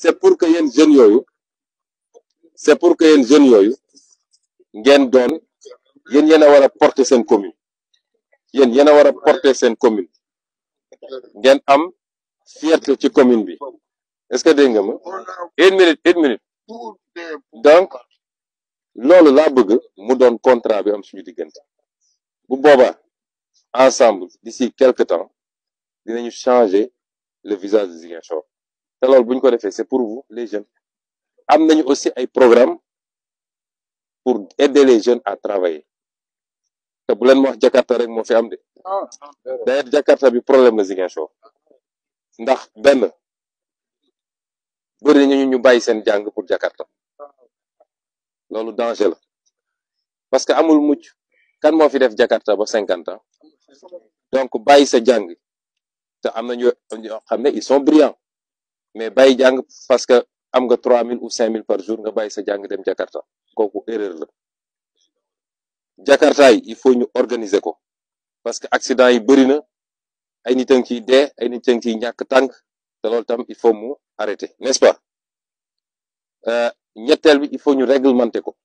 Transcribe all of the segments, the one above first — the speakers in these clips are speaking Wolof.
c'est pour que yéen jeunes yooyu c'est pour que yéen jeunes yooyu ngeen doon yéen yéen a war a porter seen commune yéen yéen a war a porter seen commune ngeen am fierté ci commune bi est-ce que dé nga ma une minute une minute donc loolu laa bëgg mu doon contrat bi am suñu diggante bu boobaa ensemble d'ici quelque temps dinañu changer le visage de Ziguinchor te loolu bu ñu ko defee c'est pour vous les jeunes am nañu aussi ay programmes pour aider les jeunes à travailler te bu leen ma wax Jakarta rek moo fi am de d'ailleurs Jakarta bi problème la Ziguinchor ndax benn bëri nañu ñu bàyyi seen jàng pour Jakarta loolu danger la parce que amul mucc kan moo fi def Jakarta ba cinquante ans donc bàyyi sa jàng te am na ñu xam ne ils sont brillants mais bay jàng parce que am nga trois mille ou cinq mille par jour nga bay sa jàng dem Jakarta kooku erreur la Jakarta il faut ñu organiser ko parce que accident yi bëri na ay nit a ngi ciy dee ay nit a ngi ciy ñàkk te loolu tam il faut mu arrêter n'est-ce pas euh, ñetteel bi il faut ñu réglementer ko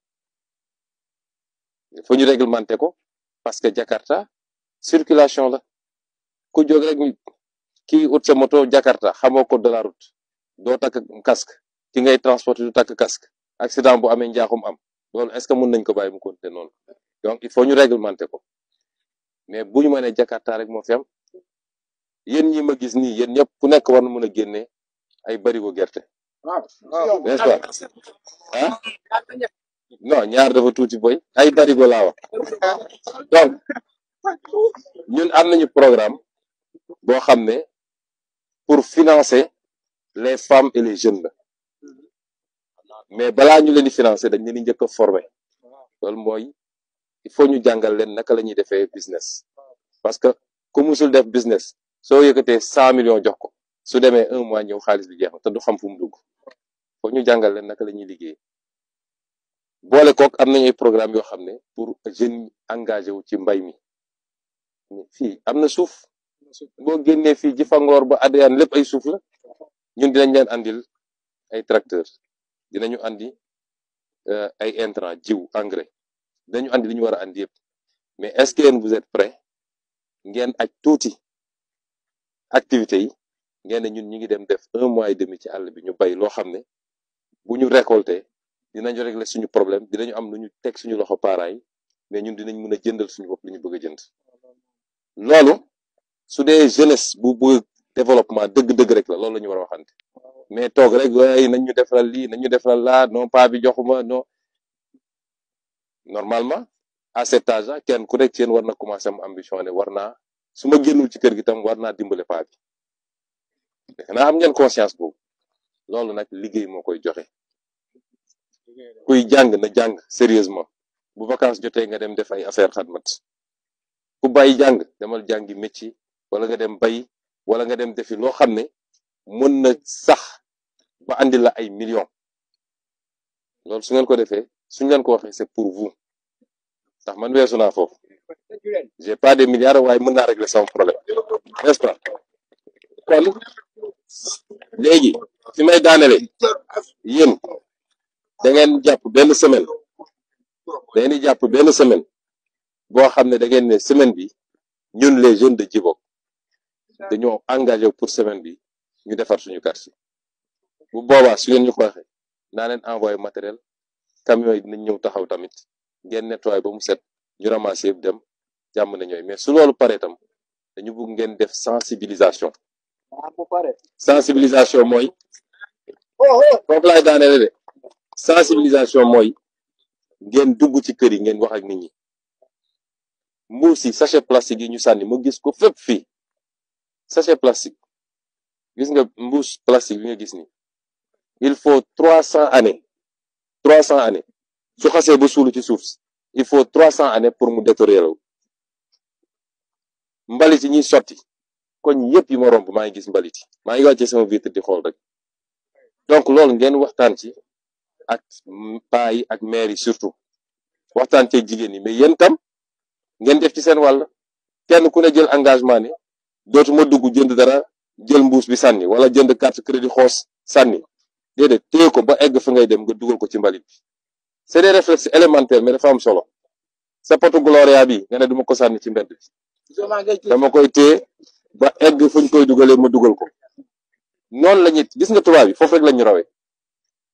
il faut ñu réglementer ko parce que Jakarta circulation la ku jóg rek kii ut sa moto Jakarta xamoo ko de la route doo takk casque ki ngay transporter du takk casque accident bu amee njaaxum am loolu est ce que mën nañ ko bàyyi mu continuer noonu donc il faut ñu réglementer ko mais bu ñu mënee Jakarta rek moo fi am yéen ñi ma gis nii yéen ñëpp ku nekk war na mën a génne ay barigo gerte. waaw waaw ñaar dafa tuuti boy ay barigo laa wax donc ñun am nañu programme boo xam ne. pour financer les femmes et les jeunes la mais balaa ñu leen di financer dañ leen di njëkk a former loolu mooy il faut ñu jàngal leen naka la ñuy defee business parce que ku musul def business soo yëkkatee cent million jox ko su demee un mois ñëw xaalis bi jeex na te du xam fu mu dugg foog ñu jàngal leen naka la liggéey boole kook am nañu programme yoo xam ne pour jeunes yi engagé wu ci mbay mi fi am na suuf boo génnee fii ci ba Adéane lépp ay suuf la ñun dinañ leen andil ay tracteur dinañu andi euh, ay intrant jiw engrais dinañu andi li ñu war a andi yëpp mais est-ce que yéen vous êtes prêts ngeen aj tuuti activités yi ngeen ñun ñu ngi dem def un mois et demi ci àll bi ñu bay loo xam ne bu ñu récolter dinañu régler suñu problème dinañu am lu ñu teg suñu loxo parents yi mais ñun dinañ mun a jëndal suñu bopp li ñu bëgg a jënd loolu su dee jeunesse bu bu développement dëgg-dëgg rek la loolu la ñu war a mais toog rek waaye nañ ñu defaral lii nañ ñu defaral laa non pas bi joxuma non normalement à cet âge là kenn ku nekk seen war na commencé am ambition ne war naa su génnul ci kër gi tam war naa dimbale paa bi am ngeen conscience boobu loolu nag liggéey moo koy joxe kuy jàng na jàng sérieusement bu vacance jotee nga dem def ay affaire xadmat ku bàyyi jàng demal jàngi métier wala nga dem bay wala nga dem defi loo xam ne mën na sax ba andi la ay millions loolu su ngeen ko defee suñ leen ko waxee c'est pour vous ndax man weesu naa foofu j'ai pas des milliards waaye mën naa régler sama problème n'est-ce kon léegi fi may daanele da ngeen jàpp benn semaine da di jàpp benn semaine boo xam ne da ngeen semaine bi ñun les jeunes de Djibok dañoo engagé pour semaine bi ñu defar suñu quartier bu boobaa su leen ñu ko waxee naa leen envoyé matériel camion yi dinañ ñëw taxaw tamit ngeen nettoyé ba mu set ñu ramassé yëpp dem jàmm na ñooy mais su loolu paree tam dañu bugg ngeen def sensibilisation ah, sensibilisation mooy oh, oh. foofu laay daanele de sensibilisation mooy ngeen dugg ci kër yi ngeen wax ak nit ñi mbuus yi sachet plastique yi ñu sànni mu gis ko fépp fii sachet plastique gis nga mbuus plastique bi nga gis ni il faut trois cent années trois cent années su xasee ba suulu ci suuf si il faut trois cent années pour mu détériorer wu mbalit yi ñuy sotti koñ yëpp yi ma romb maa ngi gis mbalit yi maa ngi wàccee sama vitre di xool rek donc loolu ngeen waxtaan ci ak paa yi ak maire yi surtout waxtaan ci jigéen ñi mais yéen tam ngeen def ci seen wàll kenn ku ne jël engagement ni dootuma dugg jënd dara jël mbuus bi sànni wala jënd carte crédit xoos sànni déedéet téye ko ba egg fi ngay dem nga dugal ko ci mbalit bi c'est des réflexes élémentaires mais dafa am solo sa potu gloria bi nga ne duma ko sànni ci mbedd bi dama koy téye ba egg fu ñu koy dugalee ma dugal ko noonu la ñit gis nga tubaab yi foofu rek lañu rawee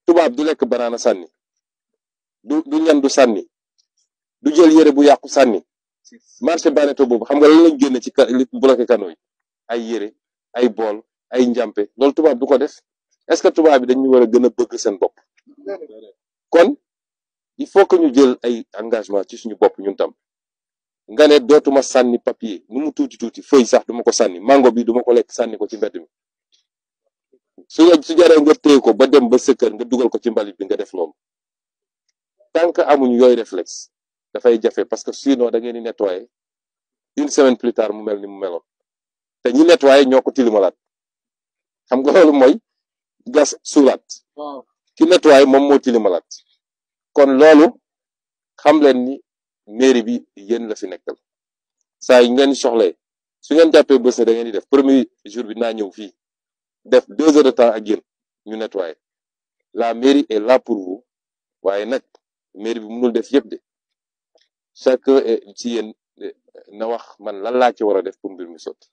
tubaab du lekk banaana sànni du du du sànni du jël yére bu yàqu sànni marché Baneto boobu xam nga lan lañ génne ci li bloqué canaux yi ay yére ay bool ay njàmpe loolu tubaab du ko def est-ce que tubaab bi dañu war a gën a bëgg seen bopp kon il faut que ñu jël ay engagement ci suñu bopp ñun tam nga ne dootuma sànni papier nu mu tuuti tuuti feuille sax duma ko sànni mango bi duma ko lekk sànni ko ci mbedd mi su su jaree nga téye ko ba dem ba sa nga dugal ko ci mbalit bi nga def loolu tant que amuñu yooyu réflexe dafay jafe parce que sinon da ngeen di nettoyer une semaine plus tard mu mel ni mu meloon te ñi nettoyer ñoo ko tilimalaat xam nga loolu mooy gas suulaat ki nettoyer moom moo tilimalaat kon loolu xam leen ni mairie bi yéen la fi nekkal saa yi ngeen soxlee su ngeen jàppee bés da ngeen di def premier jour bi naa ñëw fii def deux heures de temps ak yéen ñu nettoyer la mairie est là pour vous waaye nag mairie bi mënul def yëpp chacun ci yéen na wax man lan laa ci war a def pour mbir mi sotti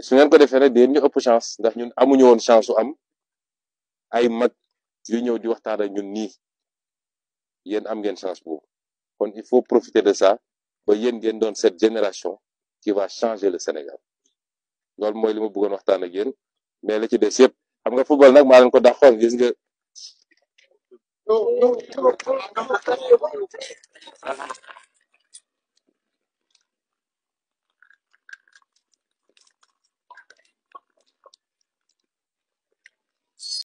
su ngeen ko defee rek dinañ ñu ëpp chance ndax ñun amuñu woon chance su am ay mag yu ñëw di waxtaan ak ñun nii yéen am ngeen chance boobu kon il faut profiter de sa ba yéen ngeen doon cette génération qui va changer le Sénégal loolu mooy li ma bëggoon waxtaan ak yéen mais la ci des yëpp xam nga football nag ma leen ko dàqoon gis nga.